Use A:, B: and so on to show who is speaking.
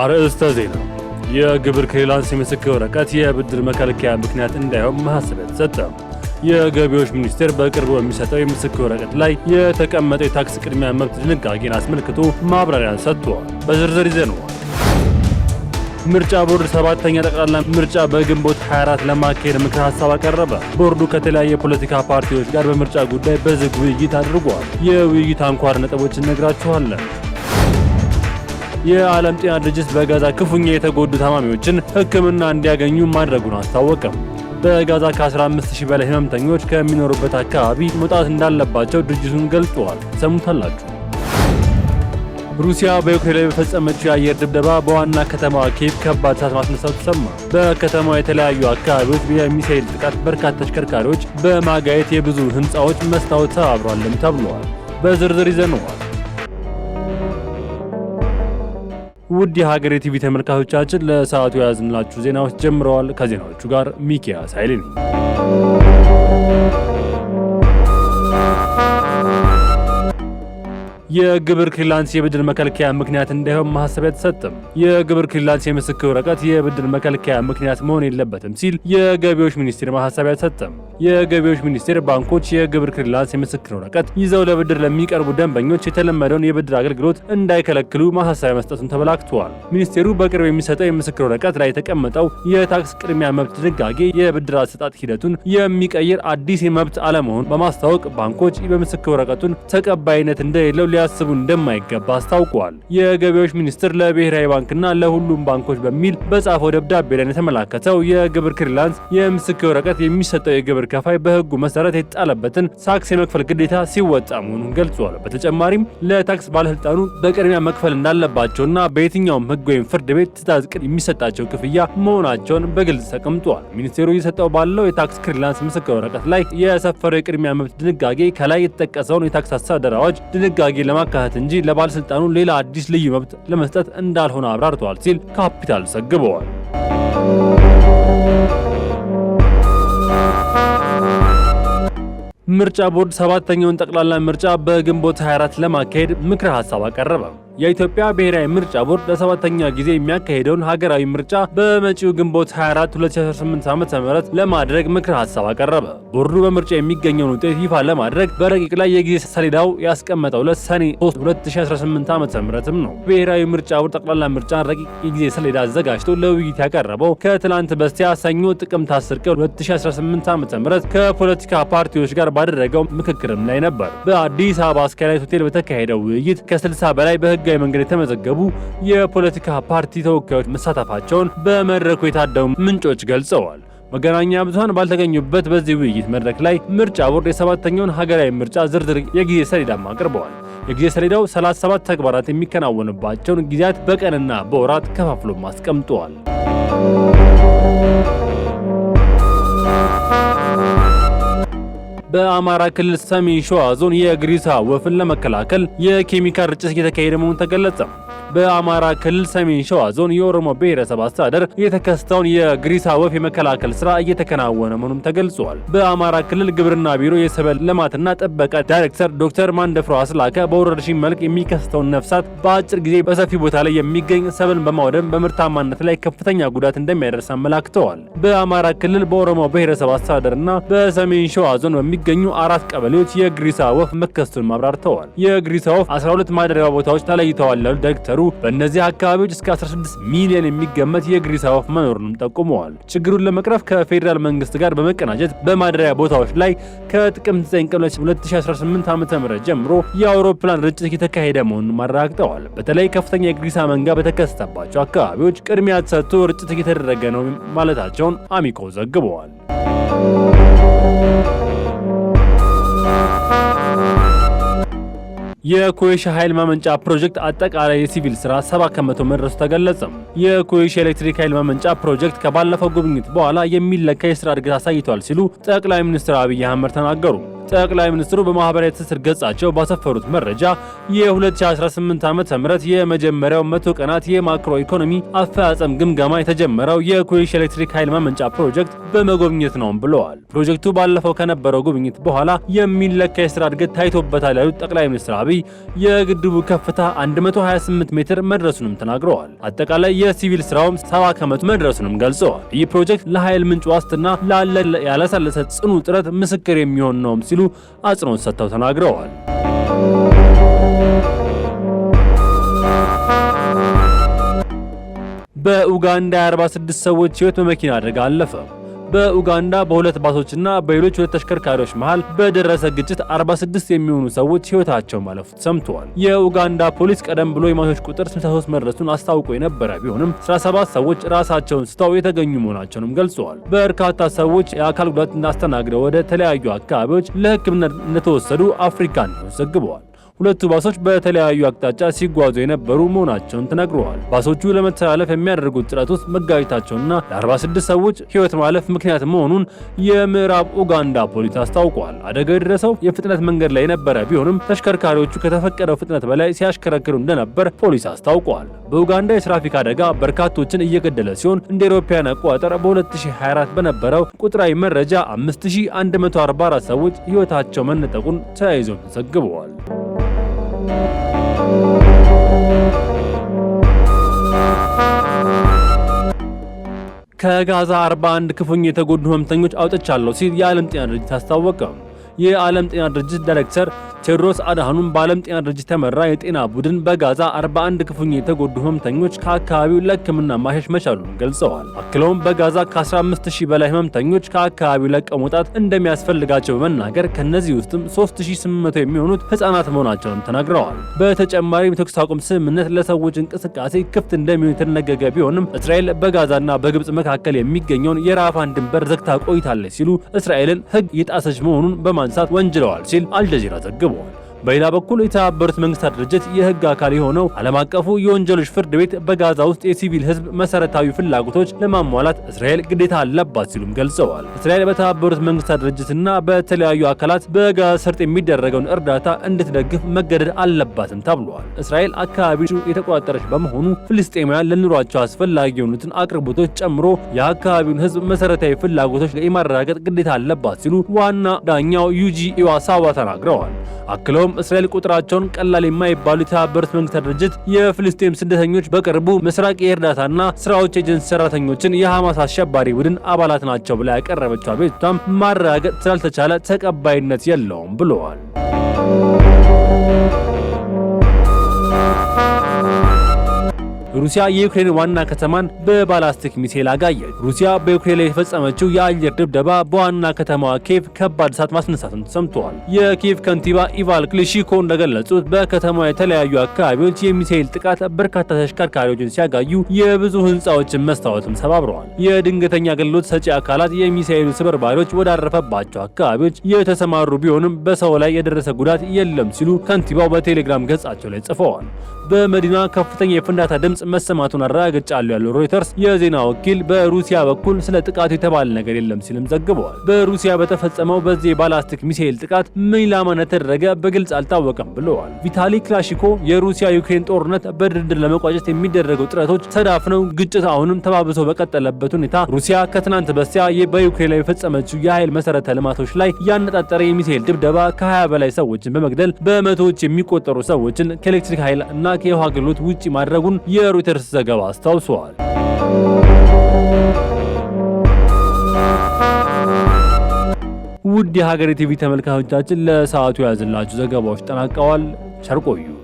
A: አርዕስተ ዜና። የግብር ክሊራንስ የምስክር ወረቀት የብድር መከልከያ ምክንያት እንዳይሆን ማሳሰቢያ ተሰጠ። የገቢዎች ሚኒስቴር በቅርቡ በሚሰጠው የምስክር ወረቀት ላይ የተቀመጠ የታክስ ቅድሚያ መብት ድንጋጌን አስመልክቶ ማብራሪያን ሰጥቷል። በዝርዝር ይዘነዋል። ምርጫ ቦርድ ሰባተኛ ጠቅላላ ምርጫ በግንቦት 24 ለማካሄድ ምክር ሀሳብ አቀረበ። ቦርዱ ከተለያዩ የፖለቲካ ፓርቲዎች ጋር በምርጫ ጉዳይ በዝግ ውይይት አድርጓል። የውይይት አንኳር ነጥቦች እነግራችኋለን። የዓለም ጤና ድርጅት በጋዛ ክፉኛ የተጎዱ ታማሚዎችን ሕክምና እንዲያገኙ ማድረጉን አስታወቀም። በጋዛ ከ15000 በላይ ህመምተኞች ከሚኖሩበት አካባቢ መውጣት እንዳለባቸው ድርጅቱን ገልጠዋል። ሰሙታላችሁ። ሩሲያ በዩክሬን ላይ በፈጸመችው የአየር ድብደባ በዋና ከተማዋ ኬቭ ከባድ እሳት ማስነሳቱ ተሰማ። በከተማዋ የተለያዩ አካባቢዎች የሚሳይል ጥቃት በርካታ ተሽከርካሪዎች በማጋየት የብዙ ህንፃዎች መስታወት ተባብሯልም ተብለዋል። በዝርዝር ይዘነዋል። ውድ የሀገሬ ቲቪ ተመልካቾቻችን ለሰዓቱ የያዝንላችሁ ዜናዎች ጀምረዋል። ከዜናዎቹ ጋር ሚኪያስ ኃይሌ ነኝ። የግብር ክሊራንስ የብድር መከልከያ ምክንያት እንዳይሆን ማሳሰቢያ ተሰጠም። የግብር ክሊራንስ የምስክር ወረቀት የብድር መከልከያ ምክንያት መሆን የለበትም ሲል የገቢዎች ሚኒስቴር ማሳሰቢያ ተሰጠም። የገቢዎች ሚኒስቴር ባንኮች የግብር ክሊራንስ የምስክር ወረቀት ይዘው ለብድር ለሚቀርቡ ደንበኞች የተለመደውን የብድር አገልግሎት እንዳይከለክሉ ማሳሰቢያ መስጠቱን ተመላክተዋል። ሚኒስቴሩ በቅርብ የሚሰጠው የምስክር ወረቀት ላይ የተቀመጠው የታክስ ቅድሚያ መብት ድንጋጌ የብድር አሰጣጥ ሂደቱን የሚቀይር አዲስ የመብት አለመሆኑን በማስታወቅ ባንኮች በምስክር ወረቀቱን ተቀባይነት እንደሌለው ሊያስቡ እንደማይገባ አስታውቋል። የገቢዎች ሚኒስቴር ለብሔራዊ ባንክና ለሁሉም ባንኮች በሚል በጻፈው ደብዳቤ ላይ የተመላከተው የግብር ክሊራንስ የምስክር ወረቀት የሚሰጠው የግብር ከፋይ በህጉ መሰረት የተጣለበትን ታክስ የመክፈል ግዴታ ሲወጣ መሆኑን ገልጿል። በተጨማሪም ለታክስ ባለስልጣኑ በቅድሚያ መክፈል እንዳለባቸውና በየትኛውም ህግ ወይም ፍርድ ቤት ትዕዛዝ ቅድ የሚሰጣቸው ክፍያ መሆናቸውን በግልጽ ተቀምጧል። ሚኒስቴሩ እየሰጠው ባለው የታክስ ክሪላንስ ምስክር ወረቀት ላይ የሰፈረው የቅድሚያ መብት ድንጋጌ ከላይ የተጠቀሰውን የታክስ አስተዳደር አዋጅ ድንጋጌ ለማካተት እንጂ ለባለስልጣኑ ሌላ አዲስ ልዩ መብት ለመስጠት እንዳልሆነ አብራርተዋል ሲል ካፒታል ዘግበዋል። ምርጫ ቦርድ ሰባተኛውን ጠቅላላ ምርጫ በግንቦት 24 ለማካሄድ ምክረ ሀሳብ አቀረበ። የኢትዮጵያ ብሔራዊ ምርጫ ቦርድ ለሰባተኛ ጊዜ የሚያካሄደውን ሀገራዊ ምርጫ በመጪው ግንቦት 24 2018 ዓ.ም ለማድረግ ምክር ሀሳብ አቀረበ። ቦርዱ በምርጫ የሚገኘውን ውጤት ይፋ ለማድረግ በረቂቅ ላይ የጊዜ ሰሌዳው ያስቀመጠው ለሰኔ 3 2018 ዓ.ም ነው። ብሔራዊ ምርጫ ቦርድ ጠቅላላ ምርጫን ረቂቅ የጊዜ ሰሌዳ አዘጋጅቶ ለውይይት ያቀረበው ከትላንት በስቲያ ሰኞ ጥቅምት 10 ቀን 2018 ዓ.ም ከፖለቲካ ፓርቲዎች ጋር ባደረገው ምክክርም ላይ ነበር። በአዲስ አበባ ስካይላይት ሆቴል በተካሄደው ውይይት ከ60 በላይ በህግ በህጋዊ መንገድ የተመዘገቡ የፖለቲካ ፓርቲ ተወካዮች መሳተፋቸውን በመድረኩ የታደሙ ምንጮች ገልጸዋል። መገናኛ ብዙሃን ባልተገኙበት በዚህ ውይይት መድረክ ላይ ምርጫ ቦርድ የሰባተኛውን ሀገራዊ ምርጫ ዝርዝር የጊዜ ሰሌዳም አቅርበዋል። የጊዜ ሰሌዳው 37 ተግባራት የሚከናወንባቸውን ጊዜያት በቀንና በወራት ከፋፍሎም አስቀምጠዋል። በአማራ ክልል ሰሜን ሸዋ ዞን የግሪሳ ወፍን ለመከላከል የኬሚካል ርጭት እየተካሄደ መሆኑን ተገለጸ። በአማራ ክልል ሰሜን ሸዋ ዞን የኦሮሞ ብሔረሰብ አስተዳደር የተከሰተውን የግሪሳ ወፍ የመከላከል ስራ እየተከናወነ መሆኑም ተገልጿል። በአማራ ክልል ግብርና ቢሮ የሰብል ልማትና ጥበቃ ዳይሬክተር ዶክተር ማንደፍሮ አስላከ በወረርሽኝ መልክ የሚከሰተውን ነፍሳት በአጭር ጊዜ በሰፊ ቦታ ላይ የሚገኝ ሰብልን በማውደም በምርታማነት ላይ ከፍተኛ ጉዳት እንደሚያደርስ አመላክተዋል። በአማራ ክልል በኦሮሞ ብሔረሰብ አስተዳደርና በሰሜን ሸዋ ዞን በሚገኙ አራት ቀበሌዎች የግሪሳ ወፍ መከሰቱን ማብራርተዋል። የግሪሳ ወፍ 12 ማደሪያ ቦታዎች ተለይተዋል ያሉት ዳይሬክተሩ በእነዚህ አካባቢዎች እስከ 16 ሚሊዮን የሚገመት የግሪስ አዕዋፍ መኖሩንም ጠቁመዋል። ችግሩን ለመቅረፍ ከፌዴራል መንግስት ጋር በመቀናጀት በማደሪያ ቦታዎች ላይ ከጥቅምት 9 ቀን 2018 ዓ.ም ጀምሮ የአውሮፕላን ርጭት እየተካሄደ መሆኑን አረጋግጠዋል። በተለይ ከፍተኛ የግሪሳ መንጋ በተከሰተባቸው አካባቢዎች ቅድሚያ ተሰጥቶ ርጭት እየተደረገ ነው ማለታቸውን አሚኮ ዘግበዋል። የኮይሻ ኃይል ማመንጫ ፕሮጀክት አጠቃላይ የሲቪል ስራ 70 ከመቶ መድረሱ ተገለጸ። የኮይሻ ኤሌክትሪክ ኃይል ማመንጫ ፕሮጀክት ከባለፈው ጉብኝት በኋላ የሚለካ የስራ እድገት አሳይቷል ሲሉ ጠቅላይ ሚኒስትር አብይ አህመድ ተናገሩ። ጠቅላይ ሚኒስትሩ በማህበራዊ ትስስር ገጻቸው ባሰፈሩት መረጃ የ2018 ዓ ም የመጀመሪያው መቶ ቀናት የማክሮ ኢኮኖሚ አፈጻጸም ግምገማ የተጀመረው የኮይሻ ኤሌክትሪክ ኃይል ማመንጫ ፕሮጀክት በመጎብኘት ነው ብለዋል። ፕሮጀክቱ ባለፈው ከነበረው ጉብኝት በኋላ የሚለካ የስራ እድገት ታይቶበታል ያሉት ጠቅላይ ሚኒስትር አብይ የግድቡ ከፍታ 128 ሜትር መድረሱንም ተናግረዋል። አጠቃላይ የሲቪል ስራውም 70 ከመቶ መድረሱንም ገልጸዋል። ይህ ፕሮጀክት ለኃይል ምንጭ ዋስትና ላለ ያለሰለሰ ጽኑ ጥረት ምስክር የሚሆን ነውም ሲሉ አጽንኦት ሰጥተው ተናግረዋል። በኡጋንዳ 46 ሰዎች ህይወት በመኪና አደጋ አለፈ። በኡጋንዳ በሁለት ባሶችና በሌሎች ሁለት ተሽከርካሪዎች መሃል በደረሰ ግጭት 46 የሚሆኑ ሰዎች ህይወታቸው ማለፉ ሰምተዋል። የኡጋንዳ ፖሊስ ቀደም ብሎ የሟቾች ቁጥር 63 መድረሱን አስታውቆ የነበረ ቢሆንም 17 ሰዎች ራሳቸውን ስተው የተገኙ መሆናቸውንም ገልጸዋል። በርካታ ሰዎች የአካል ጉዳት እንዳስተናግደው ወደ ተለያዩ አካባቢዎች ለህክምና እንደተወሰዱ አፍሪካ ኒውስ ዘግበዋል። ሁለቱ ባሶች በተለያዩ አቅጣጫ ሲጓዙ የነበሩ መሆናቸውን ተነግረዋል። ባሶቹ ለመተላለፍ የሚያደርጉት ጥረት ውስጥ መጋጨታቸውና ለ46 ሰዎች ሕይወት ማለፍ ምክንያት መሆኑን የምዕራብ ኡጋንዳ ፖሊስ አስታውቋል። አደጋው የደረሰው የፍጥነት መንገድ ላይ የነበረ ቢሆንም ተሽከርካሪዎቹ ከተፈቀደው ፍጥነት በላይ ሲያሽከረክሩ እንደነበር ፖሊስ አስታውቋል። በኡጋንዳ የትራፊክ አደጋ በርካቶችን እየገደለ ሲሆን እንደ አውሮፓውያን አቆጣጠር በ2024 በነበረው ቁጥራዊ መረጃ 5144 ሰዎች ህይወታቸው መነጠቁን ተያይዞ ተዘግበዋል። ከጋዛ 41 ክፉኛ የተጎዱ ህመምተኞች አውጥቻለሁ ሲል የዓለም ጤና ድርጅት አስታወቀ። የዓለም ጤና ድርጅት ዳይሬክተር ቴዎድሮስ አድሃኖም በዓለም ጤና ድርጅት ተመራ የጤና ቡድን በጋዛ 41 ክፉኛ የተጎዱ ህመምተኞች ከአካባቢው ለክምና ማሸሽ መቻሉን ገልጸዋል። አክለውም በጋዛ ከ15000 በላይ ህመምተኞች ከአካባቢው ለቀው መውጣት እንደሚያስፈልጋቸው በመናገር ከነዚህ ውስጥም 3800 የሚሆኑት ህጻናት መሆናቸውን ተናግረዋል። በተጨማሪም የተኩስ አቁም ስምምነት ለሰዎች እንቅስቃሴ ክፍት እንደሚሆን የተነገገ ቢሆንም እስራኤል በጋዛና በግብጽ መካከል የሚገኘውን የራፋን ድንበር ዘግታ ቆይታለች ሲሉ እስራኤልን ህግ የጣሰች መሆኑን በማ በማንሳት ወንጅለዋል ሲል አልጀዚራ ዘግቧል። በሌላ በኩል የተባበሩት መንግስታት ድርጅት የህግ አካል የሆነው ዓለም አቀፉ የወንጀሎች ፍርድ ቤት በጋዛ ውስጥ የሲቪል ህዝብ መሰረታዊ ፍላጎቶች ለማሟላት እስራኤል ግዴታ አለባት ሲሉም ገልጸዋል። እስራኤል በተባበሩት መንግስታት ድርጅትና በተለያዩ አካላት በጋዛ ሰርጥ የሚደረገውን እርዳታ እንድትደግፍ መገደድ አለባትም ተብሏል። እስራኤል አካባቢው የተቆጣጠረች በመሆኑ ፍልስጤማውያን ለኑሯቸው አስፈላጊ የሆኑትን አቅርቦቶች ጨምሮ የአካባቢውን ህዝብ መሰረታዊ ፍላጎቶች የማረጋገጥ ግዴታ አለባት ሲሉ ዋና ዳኛው ዩጂ ኢዋሳዋ ተናግረዋል። አክለውም ሆኖም እስራኤል ቁጥራቸውን ቀላል የማይባሉ የተባበሩት መንግስታት ድርጅት የፍልስጤም ስደተኞች በቅርቡ ምስራቅ የእርዳታና ስራዎች ኤጀንሲ ሰራተኞችን የሐማስ አሸባሪ ቡድን አባላት ናቸው ብላ ያቀረበችው አቤቱታም ማረጋገጥ ስላልተቻለ ተቀባይነት የለውም ብለዋል። ሩሲያ የዩክሬን ዋና ከተማን በባላስቲክ ሚሳኤል አጋየች። ሩሲያ በዩክሬን ላይ የተፈጸመችው የአየር ድብደባ በዋና ከተማዋ ኬቭ ከባድ እሳት ማስነሳትን ሰምተዋል። የኬቭ ከንቲባ ኢቫል ክሊሺኮ እንደገለጹት በከተማዋ የተለያዩ አካባቢዎች የሚሳኤል ጥቃት በርካታ ተሽከርካሪዎችን ሲያጋዩ የብዙ ህንፃዎችን መስታወትም ሰባብረዋል። የድንገተኛ አገልግሎት ሰጪ አካላት የሚሳኤሉ ስብርባሪዎች ወዳረፈባቸው አካባቢዎች የተሰማሩ ቢሆንም በሰው ላይ የደረሰ ጉዳት የለም ሲሉ ከንቲባው በቴሌግራም ገጻቸው ላይ ጽፈዋል። በመዲና ከፍተኛ የፍንዳታ ድምፅ ድምጽ መሰማቱን አረጋግጫለሁ ያለው ሮይተርስ የዜና ወኪል በሩሲያ በኩል ስለ ጥቃቱ የተባለ ነገር የለም ሲልም ዘግበዋል። በሩሲያ በተፈጸመው በዚህ የባላስቲክ ሚሳኤል ጥቃት ምን ኢላማ እንደተደረገ በግልጽ አልታወቀም ብለዋል። ቪታሊ ክላሽኮ የሩሲያ ዩክሬን ጦርነት በድርድር ለመቋጨት የሚደረገው ጥረቶች ነው፣ ግጭት አሁንም ተባብሶ በቀጠለበት ሁኔታ ሩሲያ ከትናንት በስቲያ በዩክሬን ላይ የፈጸመችው የኃይል መሰረተ ልማቶች ላይ ያነጣጠረ የሚሳኤል ድብደባ ከ20 በላይ ሰዎችን በመግደል በመቶዎች የሚቆጠሩ ሰዎችን ከኤሌክትሪክ ኃይል እና ከውሃ አገልግሎት ውጪ ማድረጉን የሮይተርስ ዘገባ አስታውሰዋል። ውድ የሀገሬ ቲቪ ተመልካቾቻችን ለሰዓቱ የያዝላችሁ ዘገባዎች ጠናቀዋል። ቸር ቆዩ።